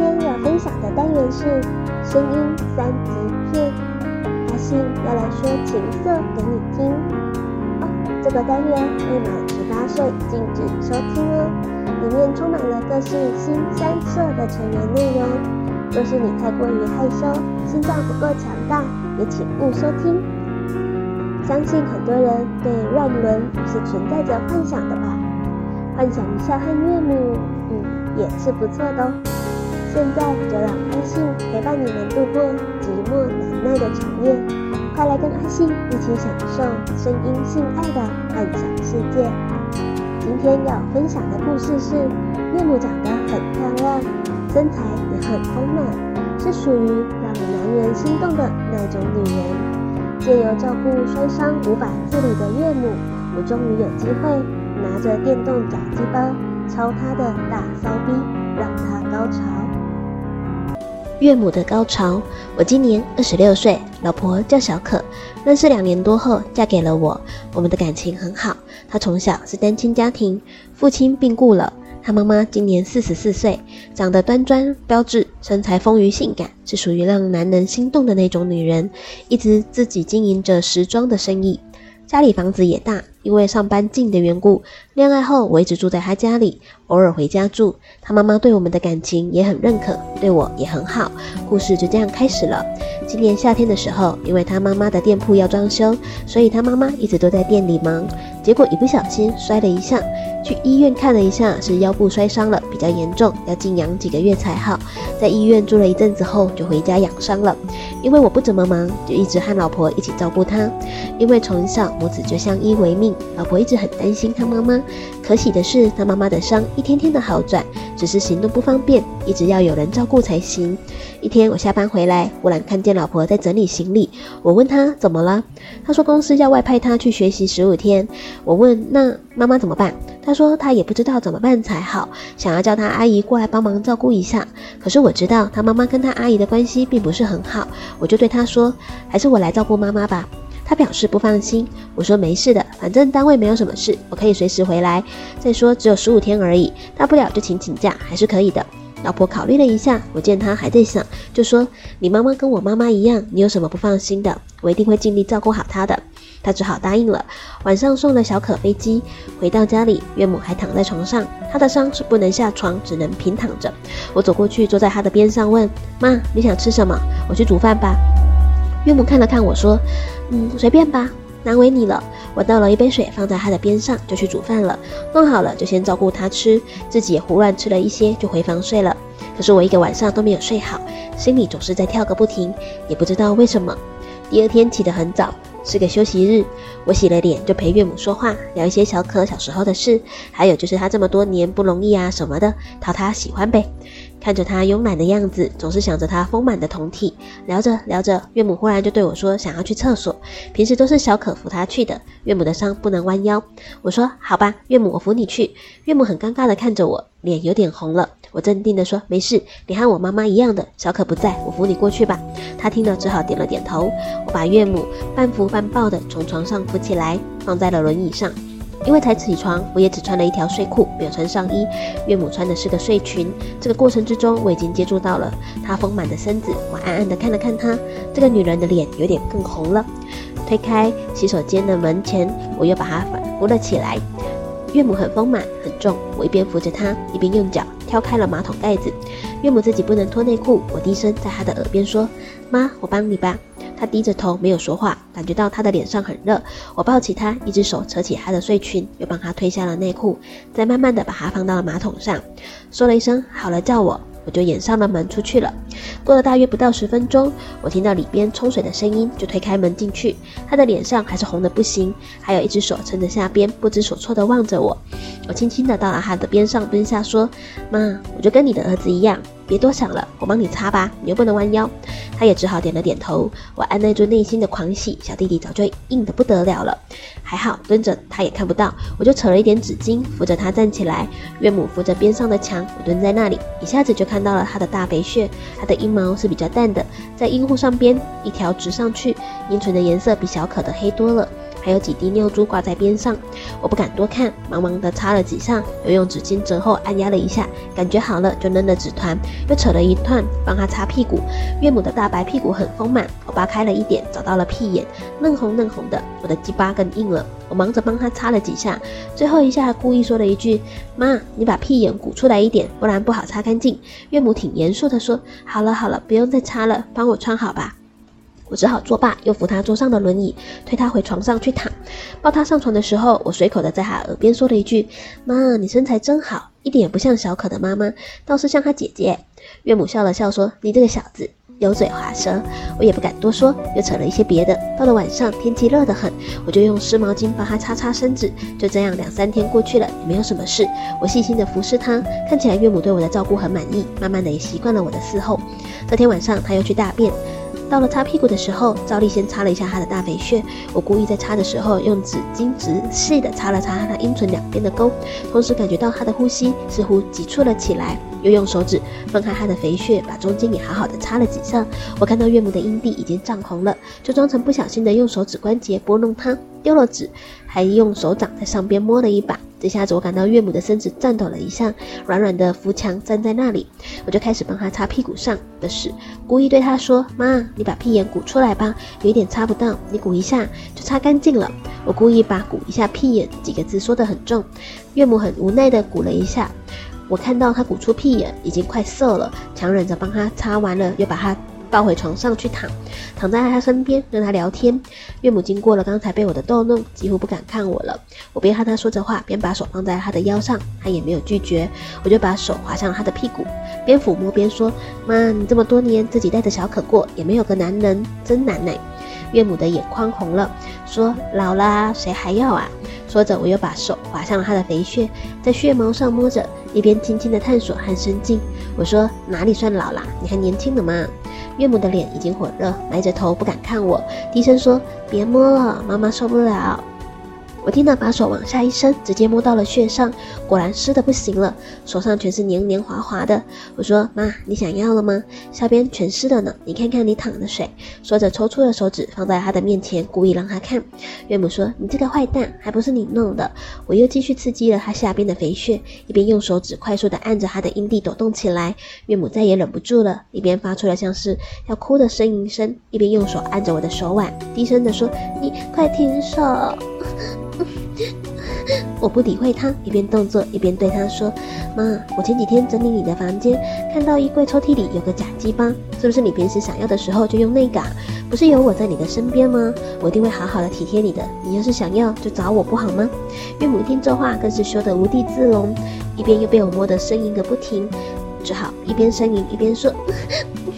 今天要分享的單元是聲音三級片，阿信要來說情色給你聽哦。這個單元未滿十八歲禁止收聽哦，裡面充滿了各式新三色的成人內容。若是你太過於害羞，心臟不夠強大，也請勿收聽。相信很多人對亂倫是存在着幻想的吧？幻想一下和岳母，嗯，也是不錯的哦。現在就讓阿心陪伴你們度過寂寞難耐的長夜，快來跟阿心一起享受聲音性愛的幻想世界。今天要分享的故事是：岳母長得很漂亮，身材也很豐滿，是屬於讓男人心動的那種女人。借由照顧摔傷無法自理的岳母，我終於有機會拿着電動假雞巴操她的大騷逼，讓她高潮。岳母的高潮。我今年二十六歲，老婆叫小可，認識兩年多後嫁給了我，我們的感情很好。她從小是單親家庭，父親病故了，她媽媽今年四十四歲，長得端莊標緻，身材豐腴性感，是屬於讓男人心動的那種女人，一直自己經營着時裝的生意，家裡房子也大。因為上班近的緣故，戀愛後我一直住在他家裡，偶爾回家住。他媽媽對我們的感情也很認可，對我也很好。故事就這樣開始了。今年夏天的時候，因為他媽媽的店鋪要裝修，所以他媽媽一直都在店裡忙。結果一不小心摔了一下，去醫院看了一下，是腰部摔傷了，比較嚴重，要靜養幾個月才好。在醫院住了一陣子後，就回家養傷了。因為我不怎麼忙，就一直和老婆一起照顧她。因為從小母子就相依為命，老婆一直很擔心她媽媽。可喜的是，她媽媽的傷一天天的好轉，只是行動不方便，一直要有人照顧才行。一天我下班回來，忽然看見老婆在整理行李，我問她怎麼了，她說公司要外派她去學習十五天。我問那……媽媽怎麼辦？她說她也不知道怎麼辦才好，想要叫她阿姨過來幫忙照顧一下。可是我知道她媽媽跟她阿姨的關係並不是很好，我就對她說，還是我來照顧媽媽吧。她表示不放心，我說沒事的，反正單位沒有什麼事，我可以隨時回來。再說只有十五天而已，大不了就請請假，還是可以的。老婆考慮了一下，我見她還在想，就說，你媽媽跟我媽媽一樣，你有什麼不放心的？我一定會盡力照顧好她的。他只好答應了，晚上送了小可飛機，回到家裡，岳母還躺在床上，她的傷是不能下床，只能平躺着。我走過去坐在她的邊上問，問媽：“你想吃什麼？我去煮飯吧。”岳母看了看我說：“嗯，隨便吧，難為你了。”我倒了一杯水放在她的邊上，就去煮飯了。弄好了就先照顧她吃，自己也胡亂吃了一些，就回房睡了。可是我一個晚上都沒有睡好，心裡總是在跳個不停，也不知道為什麼。第二天起得很早。是個休息日，我洗了臉就陪岳母說話，聊一些小可小時候的事，還有就是她這麼多年不容易啊什麼的，討她喜歡唄。看着她慵懶的樣子，總是想着她豐滿的胴體。聊着聊着，岳母忽然就對我說想要去廁所，平時都是小可扶她去的，岳母的傷不能彎腰。我說好吧，岳母我扶你去。岳母很尷尬的看着我，臉有點紅了。我鎮定地說：“沒事，你和我媽媽一樣的，小可不在，我扶你過去吧。”她聽了只好點了點頭。我把岳母半扶半抱地從床上扶起來，放在了輪椅上。因為才起床，我也只穿了一條睡褲，沒有穿上衣。岳母穿的是個睡裙。這個過程之中，我已經接觸到了她豐滿的身子。我暗暗地看了看她，這個女人的臉有點更紅了。推開洗手間的門前，我又把她反扶了起來。岳母很豐滿，很重。我一邊扶着她，一邊用腳。挑開了馬桶蓋子，岳母自己不能脫內褲，我低聲在她的耳邊說：“媽，我幫你吧。”她低着頭沒有說話，感覺到她的臉上很熱，我抱起她，一隻手扯起她的睡裙，又幫她推下了內褲，再慢慢的把她放到了馬桶上，說了一聲：“好了，叫我。”我就掩上了門出去了。過了大約不到十分鐘，我聽到裡邊沖水的聲音，就推開門進去。他的臉上還是紅的不行，還有一隻手撐着下邊，不知所措的望着我。我輕輕的到了他的邊上蹲下，說：“媽，我就跟你的兒子一樣。”別多想了，我幫你擦吧，你又不能彎腰。他也只好點了點頭。我按捺住內心的狂喜，小弟弟早就硬得不得了了。還好蹲着他也看不到，我就扯了一點紙巾，扶着他站起來。岳母扶着邊上的牆，我蹲在那裡，一下子就看到了他的大肥穴。他的陰毛是比較淡的，在陰戶上邊一條直上去，陰唇的顏色比小可的黑多了。還有幾滴尿珠掛在邊上，我不敢多看，忙忙地擦了幾下，又用紙巾折後按壓了一下，感覺好了就扔了紙團，又扯了一團幫他擦屁股。岳母的大白屁股很豐滿，我扒開了一點，找到了屁眼，嫩紅嫩紅的，我的雞巴更硬了，我忙着幫他擦了幾下，最後一下故意說了一句：“媽，你把屁眼鼓出來一點，不然不好擦乾淨。”岳母挺嚴肅的說：“好了好了，不用再擦了，幫我穿好吧。”我只好作罷，又扶他坐上的輪椅，推他回床上去躺。抱他上床的時候，我隨口的在他耳邊說了一句：“媽，你身材真好，一點也不像小可的媽媽，倒是像他姐姐。”岳母笑了笑說：“你這個小子油嘴滑舌，我也不敢多說，又扯了一些別的。”到了晚上，天氣熱得很，我就用濕毛巾幫他擦擦身子。就這樣，兩三天過去了，也沒有什麼事。我細心的服侍他，看起來岳母對我的照顧很滿意，慢慢的也習慣了我的伺候。這天晚上，他又去大便。到了擦屁股的時候，照例先擦了一下他的大肥穴。我故意在擦的時候，用紙巾仔細的擦了擦，擦他陰唇兩邊的溝，同時感覺到他的呼吸似乎急促了起來。又用手指分開他的肥穴，把中間也好好的擦了幾下。我看到岳母的陰蒂已經漲紅了，就裝成不小心的用手指關節撥弄她，丟了紙，還用手掌在上邊摸了一把。這下子我感到岳母的身子顫抖了一下，軟軟的扶牆站在那裡，我就開始幫她擦屁股上的屎，故意對她說：“媽，你把屁眼鼓出來吧，有一點擦不到，你鼓一下就擦乾淨了。”我故意把“鼓一下屁眼”幾個字說得很重，岳母很無奈地鼓了一下，我看到她鼓出屁眼已經快澀了，強忍着幫她擦完了，又把她，抱回床上去躺，躺在他身邊跟他聊天。岳母經過了剛才被我的逗弄，幾乎不敢看我了。我邊和他說着話，邊把手放在他的腰上，他也沒有拒絕。我就把手滑向他的屁股，邊撫摸邊說：“媽，你這麼多年自己帶着小可過，也沒有個男人，真難呢。”岳母的眼眶紅了，說：“老了，誰還要啊？”說着，我又把手劃上了他的肥穴，在血毛上摸着，一邊輕輕的探索和深進。我說：“哪裡算老啦？你還年輕呢嘛！”岳母的臉已經火熱，埋着頭不敢看我，低聲說：“別摸了，媽媽受不了。”我聽到把手往下一伸，直接摸到了穴上，果然濕的不行了，手上全是黏黏滑滑的。我說：“媽，你想要了嗎？下邊全濕了呢，你看看你淌的水。”說着，抽出了手指放在他的面前，故意讓他看。岳母說：“你這個壞蛋，還不是你弄的。”我又繼續刺激了他下邊的肥穴，一邊用手指快速地按着他的陰蒂抖動起來。岳母再也忍不住了，一邊發出了像是要哭的呻吟聲，一邊用手按着我的手腕，低聲地說：“你快停手。” 我不理會他，一邊動作一邊對他說：“媽，我前幾天整理你的房間，看到衣櫃抽屜裡有個假雞巴，是不是你平時想要的時候就用那個啊？不是有我在你的身邊嗎？我一定會好好的體貼你的。你要是想要，就找我不好嗎？”岳母一聽這話更是羞得無地自容，一邊又被我摸得呻吟個不停，只好一邊呻吟一邊說：“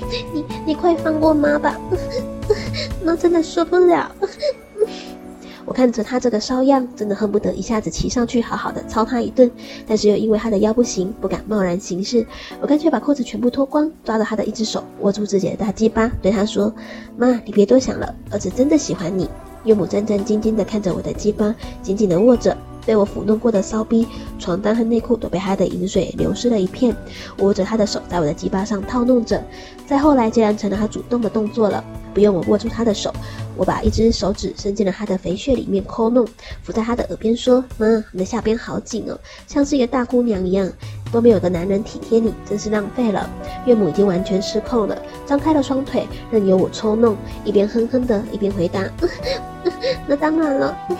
你你快放過媽吧，媽真的受不了。”我看着他這個騷樣，真的恨不得一下子騎上去好好的操他一頓，但是又因為他的腰不行，不敢貿然行事。我乾脆把褲子全部脫光，抓着他的一隻手，握住自己的大雞巴，對他說：“媽，你別多想了，兒子真的喜歡你。”岳母戰戰兢兢的看着我的雞巴，緊緊地握着被我撫弄過的騷逼，床單和內褲都被他的淫水流濕了一片，握着他的手在我的雞巴上套弄着，再後來竟然成了他主動的動作了。不用我握住她的手，我把一隻手指伸進了她的肥穴裡面摳弄，扶在她的耳邊說：“媽，嗯，你的下邊好緊哦，像是一個大姑娘一樣，都沒有個男人體貼你，真是浪費了。”岳母已經完全失控了，張開了雙腿，任由我抽弄，一邊哼哼的，一邊回答：“ 那當然了，嗯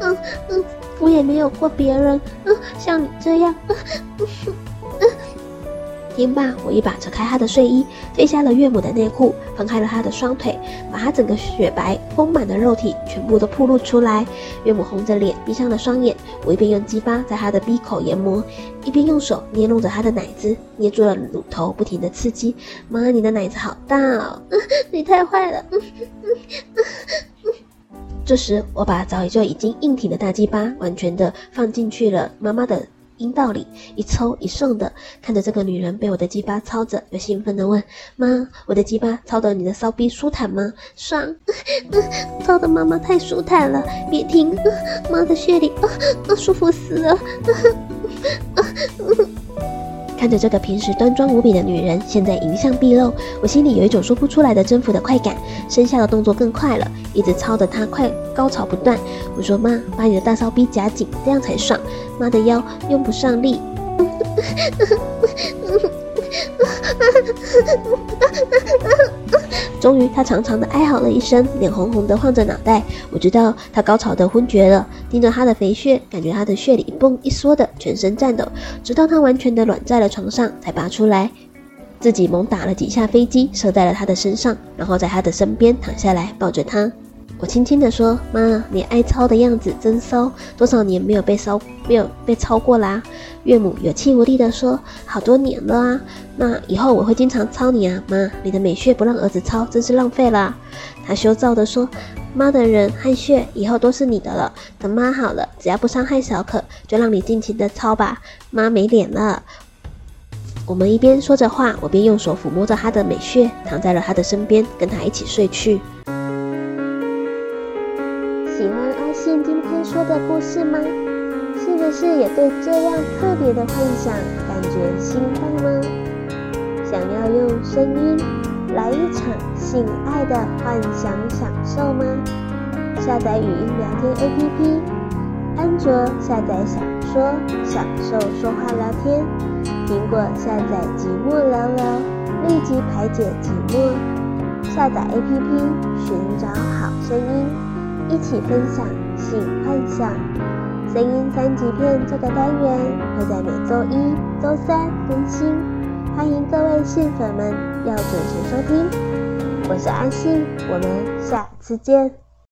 嗯嗯，我也沒有過別人，嗯，像你這樣。 ”聽罷，我一把扯開她的睡衣，褪下了岳母的內褲，放開了她的雙腿，把她整個雪白豐滿的肉體全部都曝露出來。岳母紅着臉，閉上了雙眼。我一邊用雞巴在她的逼口研磨，一邊用手捏弄着她的奶子，捏住了乳頭，不停地刺激。媽，你的奶子好大哦， 你太壞壞了。 這時，我把早已就已經硬挺的大雞巴完全的放進去了媽媽的。陰道裡，一抽一送的，看着這個女人被我的雞巴操着，又興奮的問：“媽，我的雞巴操的你的騷逼舒坦嗎？”“爽， 操的媽媽太舒坦了，別停，媽的穴裡啊，啊，舒服死了。啊”啊嗯看着這個平時端莊無比的女人，現在淫相畢露，我心裡有一種說不出來的征服的快感。身下的動作更快了，一直操得她快高潮不斷。我說：“媽，把你的大騷逼夾緊，這樣才爽。”媽的腰用不上力。 終於，他長長的哀嚎了一聲，臉紅紅的晃着腦袋。我知道他高潮的昏厥了，盯着他的肥穴，感覺他的穴裡一蹦一縮的，全身顫抖，直到他完全的軟在了床上才拔出來。自己猛打了幾下飛機，射在了他的身上，然後在他的身邊躺下來，抱着他。我輕輕地說：“媽，你愛操的樣子真騷，多少年沒有被騷，沒有被操過啦、啊？”岳母有氣無力地說：“好多年了啊。”“那以後我會經常操你啊，媽，你的美穴不讓兒子操，真是浪費了。”她羞臊地說：“媽的人和穴以後都是你的了，等媽好了，只要不傷害小可，就讓你盡情的操吧。”“媽沒臉了。”我們一邊說着話，我便用手撫摸着她的美穴，躺在了她的身邊，跟她一起睡去。喜歡阿信今天說的故事嗎？是不是也對這樣特別的幻想感覺心動呢？想要用聲音來一場性愛的幻想享受嗎？下載語音聊天 APP，安卓下載享說享受說話聊天，蘋果下載寂寞聊聊，立即排解寂寞。下載 APP 尋找好聲音。一起分享性幻想，聲音三級片這個單元會在每周一、周三更新，歡迎各位性粉們要準時收聽。我是阿信，我們下次見。